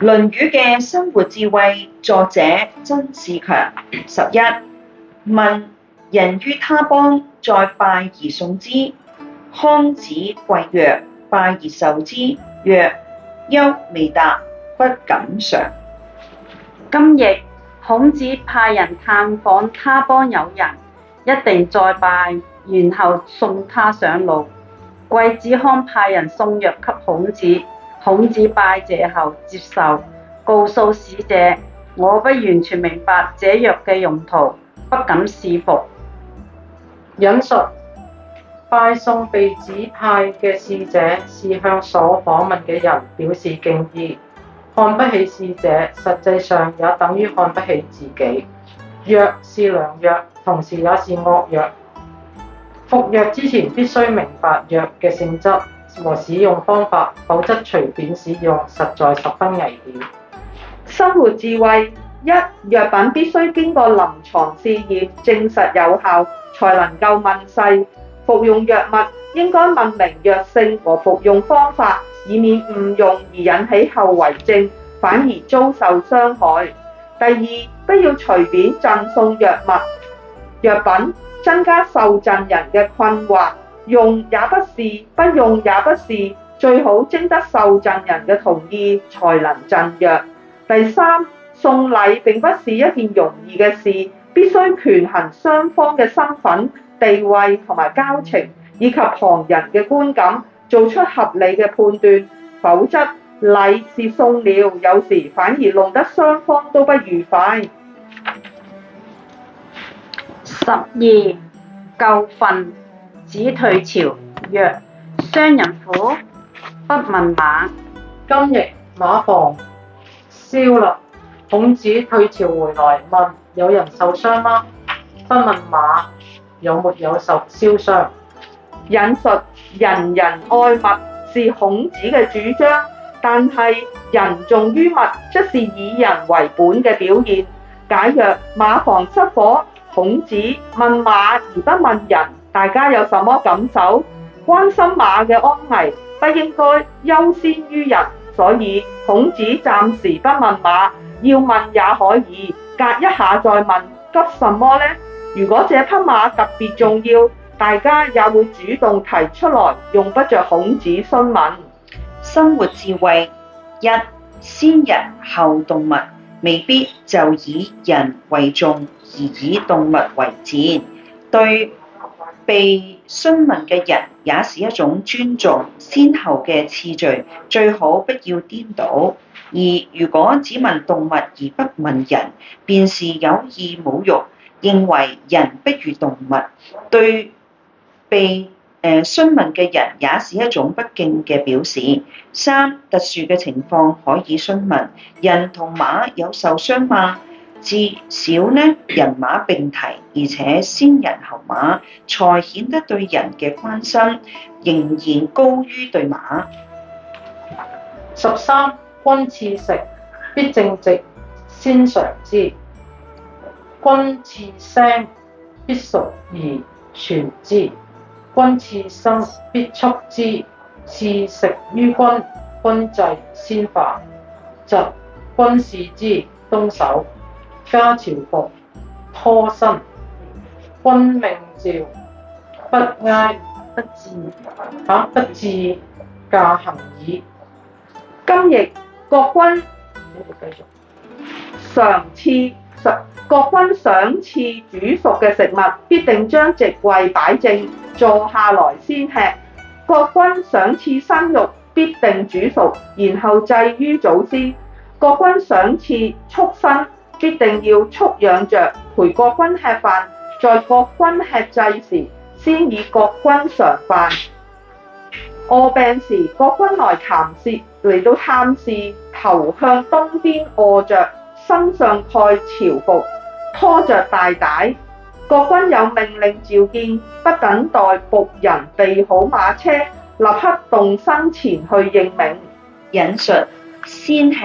《論語》嘅生活智慧，作者曾仕強。十一問：人於他邦，再拜而送之。康子饋藥：拜而受之，曰：丘未達，不敢嘗。今譯孔子派人探訪他邦友人，一定再拜，然後送他上路。季子康派人送藥給孔子。孔子拜謝後接受，告訴使者：我不完全明白這藥嘅用途，不敢試服。引述：「拜送被指派嘅使者，是向所訪問嘅人表示敬意，看不起使者，實際上也等於看不起自己。藥是良藥，同時也是惡藥。服藥之前必須明白藥嘅性質。和使用方法，否則隨便使用，實在十分危險。生活智慧一，藥品必須經過臨床試驗，證實有效，才能夠問世。服用藥物應該問明藥性和服用方法，以免誤用而引起後遺症，反而遭受傷害。第二，不要隨便贈送藥物、藥品，增加受贈人嘅困惑。用也不是，不用也不是，最好徵得受贈人嘅同意才能贈藥。第三，送禮並不是一件容易嘅事，必須權衡雙方嘅身份、地位同埋交情以及旁人嘅觀感，做出合理嘅判斷。否則，禮是送了，有時反而弄得雙方都不愉快。十二夠分。子退朝，曰：傷人乎，不問馬。今日馬房燒啦。孔子退朝回來，問：有人受傷嗎？不問馬有沒有受燒傷。引述人人愛物是孔子嘅主張，但係人重於物，則是以人為本嘅表現。假若馬房失火，孔子問馬而不問人。大家有什麼感受？關心馬嘅安危，不應該優先於人，所以孔子暫時不問馬，要問也可以，隔一下再問，急什麼呢？如果這匹馬特別重要，大家也會主動提出來，用不着孔子詢問。生活智慧一，先人後動物，未必就以人為重而以動物為賤，對。被詢問嘅人也是一種尊重，先後嘅次序最好不要顛倒。二，如果只問動物而不問人，便是有意侮辱，認為人不如動物，對被誒詢問嘅人也是一種不敬嘅表示。三，特殊嘅情況可以詢問，人同馬有受傷嗎？至少呢，人馬並提，而且先人後馬，才顯得對人嘅關心，仍然高於對馬。十三，君賜食，必正席先嘗之；君賜腥，必熟而薦之；君賜生，必畜之。侍食於君，君祭先飯。則君視之東首。家朝服，拖身，君命召歧治、啊，不哀不至，啊不至駕行矣。今日國君，上賜十國君賞賜煮熟嘅食物，必定將席位擺正，坐下來先吃。國君賞賜生肉，必定煮熟，然後祭於祖先。國君賞賜畜生。必定要畜養着陪國君吃飯，在國君吃祭時，先以國君嘗飯。臥病時，國君來，談事來探視，嚟到探視，頭向東邊臥着，身上蓋朝服，拖着大帶。國君有命令召見，不等待僕人備好馬車，立刻動身前去應命。引述先吃。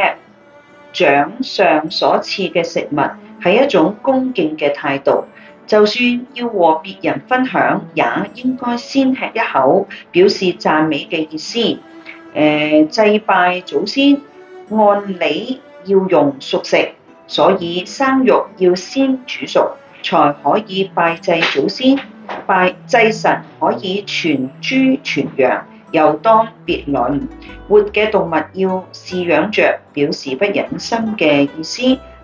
長上所賜嘅食物係一種恭敬嘅態度，就算要和別人分享，也應該先吃一口，表示讚美嘅意思。呃，祭拜祖先，按理要用熟食，所以生肉要先煮熟，才可以拜祭祖先。拜祭神可以全豬全羊。又當別論，活嘅動物要飼養著，表示不忍心嘅意思；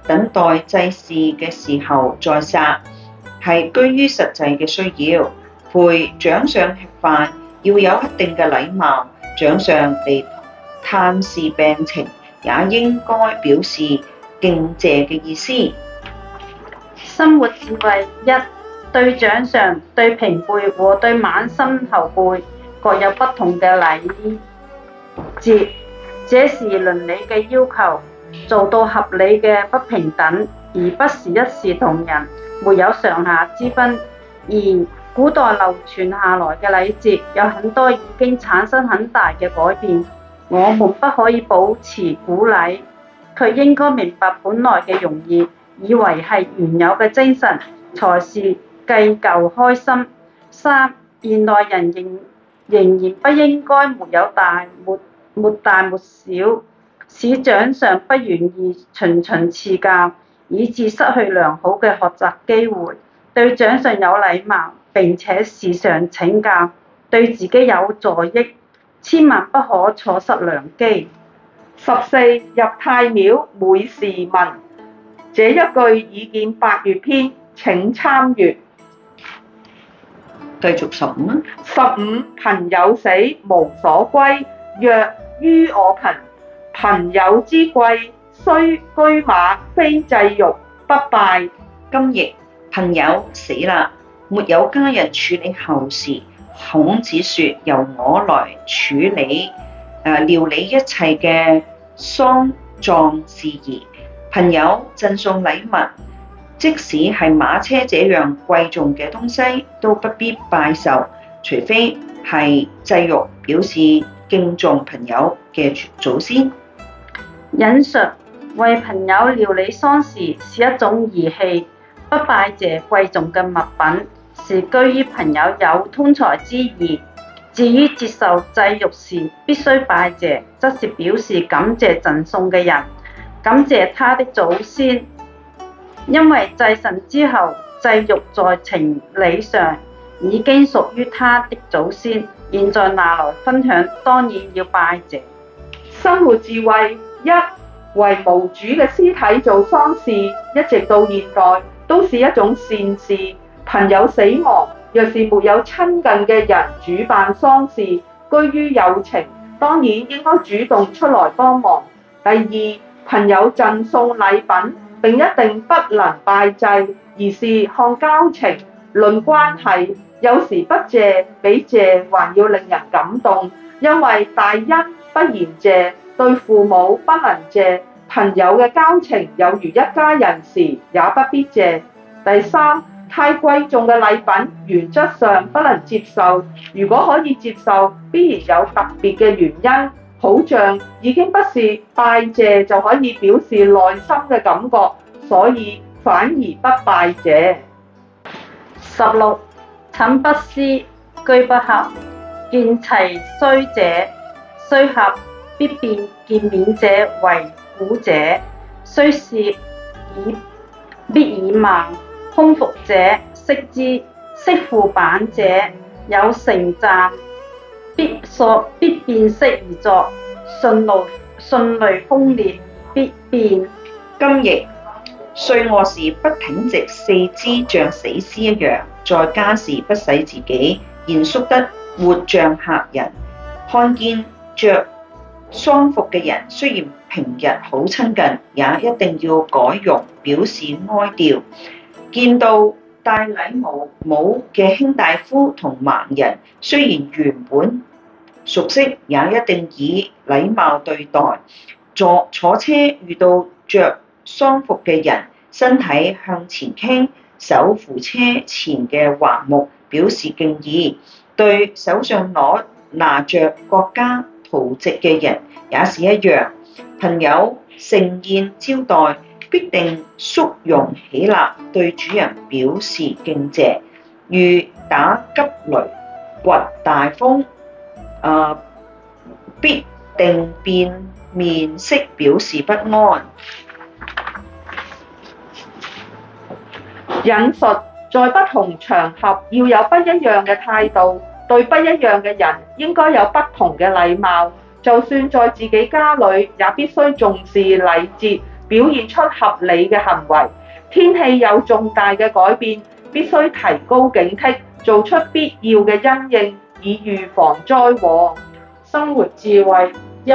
等待祭祀嘅時候再殺，係居於實際嘅需要。陪長上吃飯要有一定嘅禮貌，長上嚟探視病情，也應該表示敬謝嘅意思。生活智慧一對長上對平輩和對晚生後輩，各有不同嘅禮節，這是倫理嘅要求，做到合理嘅不平等，而不是一視同仁，沒有上下之分。而古代流傳下來嘅禮節，有很多已經產生很大嘅改變，我們不可以保持古禮，卻應該明白本來嘅用意，以維繫原有嘅精神，才是繼舊開心。三現代人認仍然不應該，沒有大沒沒大沒小，使長上不願意循循賜教，以致失去良好嘅學習機會。對長上有禮貌並且時常請教，對自己有助益，千萬不可錯失良機。十四，入太廟每事問，這一句已見八佾篇，請參閱。繼續十五十五，朋友死無所歸，若於我貧，朋友之貴，雖車馬非祭肉不拜。今亦朋友死啦，沒有家人處理後事，孔子説由我來處理誒、啊、料理一切嘅喪葬事宜。朋友贈送禮物。即使係馬車這樣貴重嘅東西，都不必拜受，除非係祭肉，表示敬重朋友嘅祖先。引述，為朋友料理喪事，是一種義氣，不拜謝貴重嘅物品，是居於朋友有通財之意。至於接受祭肉時必須拜謝，則是表示感謝贈送嘅人，感謝他的祖先。因為祭神之後，祭肉在情理上已經屬於他的祖先，現在拿來分享，當然要拜謝。生活智慧一，為無主嘅屍體做喪事，一直到現代都是一種善事。朋友死亡，若是沒有親近嘅人主辦喪事，居於友情，當然應該主動出來幫忙。第二，朋友贈送禮品。並一定不能拜祭，而是看交情，論關係，有時不借，比借，還要令人感動，因為大恩不言謝，對父母不能借，朋友的交情有如一家人時也不必借。第三，太貴重的禮品原則上不能接受，如果可以接受，必然有特別的原因，好像已經不是拜謝就可以表示內心嘅感覺，所以反而不拜謝。十六，寢不思，居不客，見齊衰者，雖合必變；見冕者為古者，雖是以必以慢。空腹者識之，識負板者有盛責。必所必變色而作，迅雷風烈，必變。今譯，睡臥時不挺直四肢，像死屍一樣；在家時不使自己嚴肅得活像客人。看見着喪服嘅人，雖然平日好親近，也一定要改容表示哀悼。見到戴禮帽帽嘅卿大夫同盲人，雖然原本熟悉，也一定以禮貌對待。坐坐車遇到着喪服嘅人，身體向前傾，手扶車前嘅橫木表示敬意。對手上攞拿，拿着國家圖籍嘅人也是一樣。朋友盛宴招待。必定肅容起立，對主人表示敬謝。遇打急雷、刮大風，啊、呃，必定變面色表示不安。引述在不同場合要有不一樣嘅態度，對不一樣嘅人應該有不同嘅禮貌。就算在自己家裏，也必須重視禮節。表現出合理嘅行為。天氣有重大嘅改變，必須提高警惕，做出必要嘅因應，以預防災禍。生活智慧一：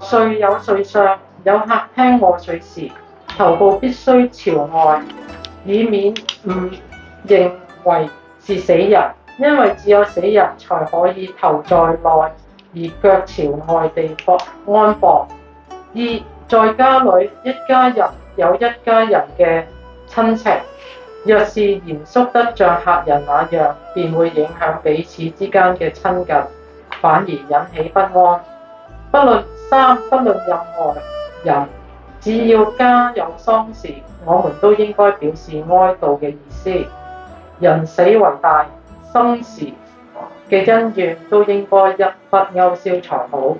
睡有睡相，有客廳臥睡時，頭部必須朝外，以免誤認為是死人，因為只有死人才可以頭在內，而腳朝外地方安放。二在家裏，一家人有一家人嘅親情。若是嚴肅得像客人那樣，便會影響彼此之間嘅親近，反而引起不安。不論三，不論任何人，只要家有喪事，我們都應該表示哀悼嘅意思。人死為大，生時嘅恩怨都應該一筆勾銷才好。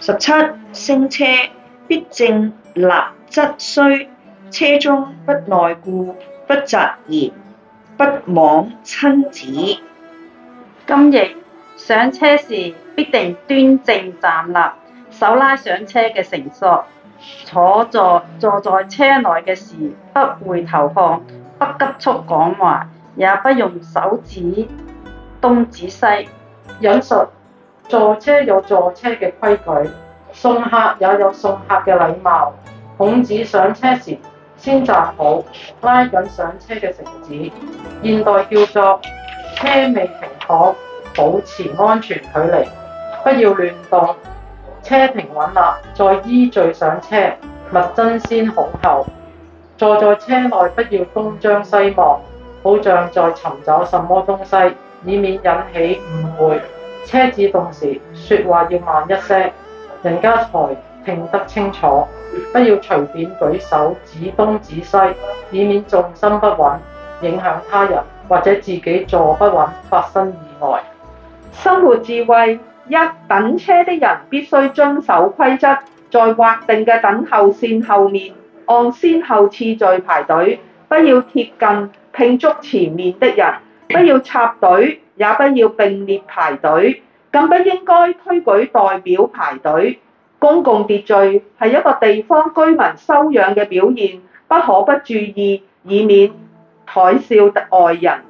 十七升車。必正立執綏。車中不內顧，不疾言，不妄親指。今日上車時必定端正站立，手拉上車嘅繩索。坐坐坐在車內嘅時，不回頭看，不急速講話，也不用手指東指西。引述「坐車有坐車嘅規矩」。送客也有送客嘅禮貌。孔子上車時先站好，拉緊上車嘅繩子。現代叫做車未停妥，保持安全距離，不要亂動。車停穩啦，再依序上車，勿爭先恐後。坐在車內不要東張西望，好像在尋找什麼東西，以免引起誤會。車子動時，說話要慢一些。人家才聽得清楚，不要隨便舉手指東指西，以免重心不穩，影響他人或者自己坐不穩，發生意外。生活智慧一：等車的人必須遵守規則，在劃定嘅等候線後面按先後次序排隊，不要貼近碰觸前面的人，不要插隊，也不要並列排隊。更不應該推舉代表排隊，公共秩序係一個地方居民修養嘅表現，不可不注意，以免貽笑外人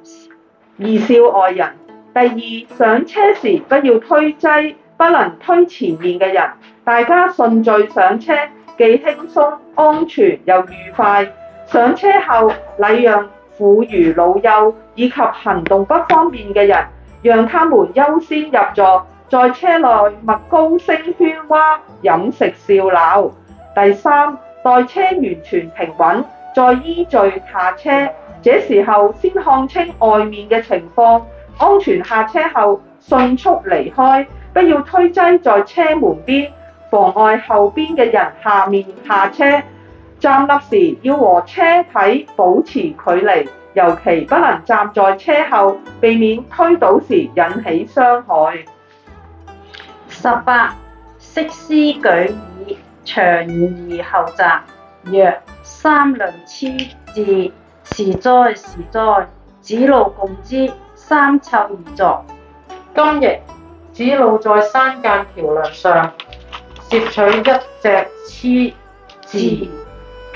而笑外人。第二，上車時不要推擠，不能推前面嘅人，大家順序上車，既輕鬆、安全又愉快。上車後禮讓婦孺、老幼以及行動不方便嘅人。讓他們優先入座，在車內勿高聲喧嘩、飲食笑鬧。第三，待車完全平穩再依序下車，這時候先看清楚外面嘅情況，安全下車後迅速離開，不要推擠在車門邊，妨礙後邊嘅人下面下車。站立時要和車體保持距離，尤其不能站在車後，避免推倒時引起傷害。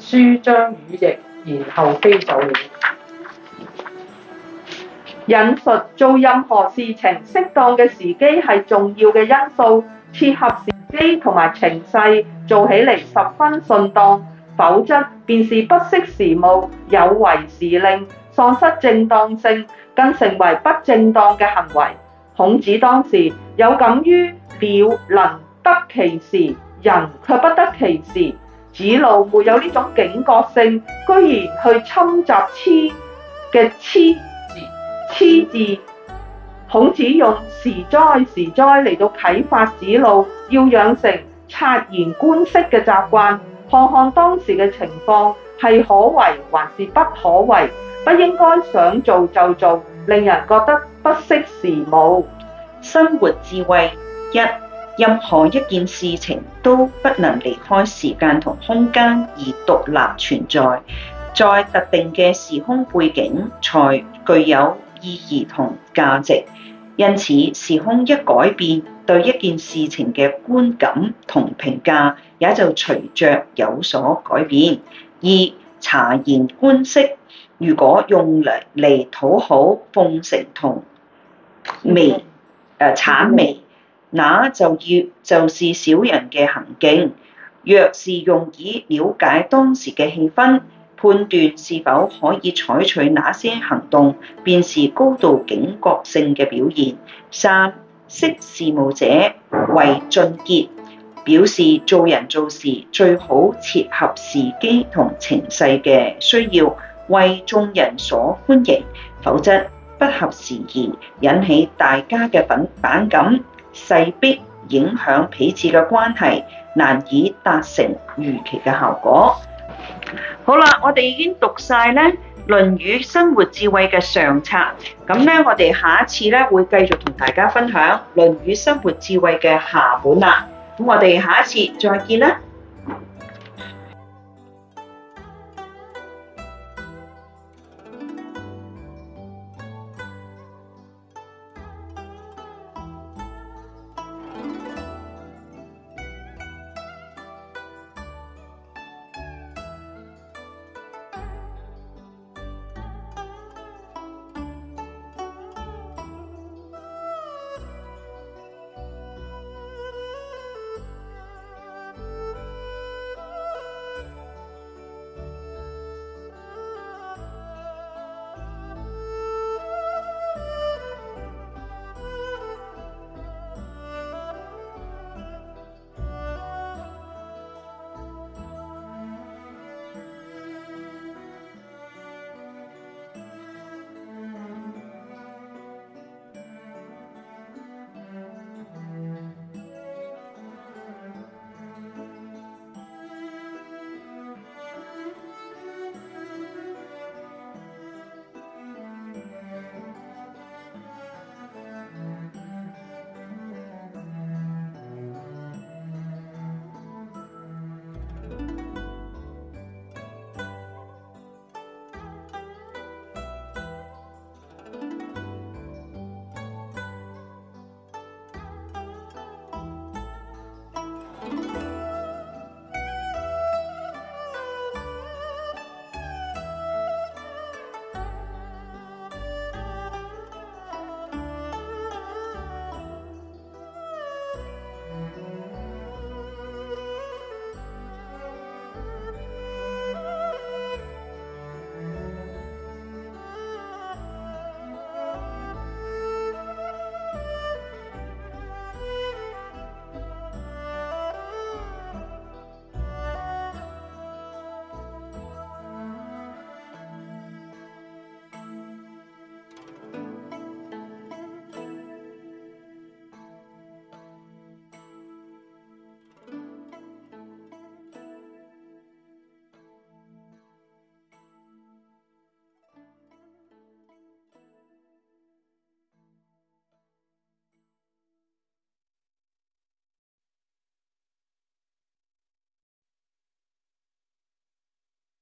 舒張羽翼，然後飛走了。引述做任何事情，適當嘅時機係重要嘅因素，切合時機同埋情勢，做起嚟十分順當。否則，便是不識時務，有違時令，喪失正當性，更成為不正當嘅行為。孔子當時有感於鳥能得其時，人卻不得其時。子路沒有呢種警覺性，居然去侵襲黐嘅黐黐字。孔子用「時哉時哉」嚟到啟發子路，要養成察言觀色嘅習慣，看看當時嘅情況係可為還是不可為，不應該想做就做，令人覺得不識時務。生活智慧一。任何一件事情都不能離開時間同空間而獨立存在，在特定嘅時空背景才具有意義同價值。因此，時空一改變，對一件事情嘅觀感同評價也就隨着有所改變。二、察言觀色，如果用嚟嚟討好奉承同媚，誒諂媚。那就要就是小人嘅行徑。若是用以了解當時嘅氣氛，判斷是否可以採取哪些行動，便是高度警覺性嘅表現。三識時務者為俊傑，表示做人做事最好切合時機同情勢嘅需要，為眾人所歡迎；否則不合時宜，引起大家嘅反反感。勢必影響彼此嘅關係，難以達成預期嘅效果。好啦，我哋已經讀晒咧《論語生活智慧》嘅上冊，咁咧我哋下一次呢會繼續同大家分享《論語生活智慧》嘅下本啦。咁我哋下一次再見啦。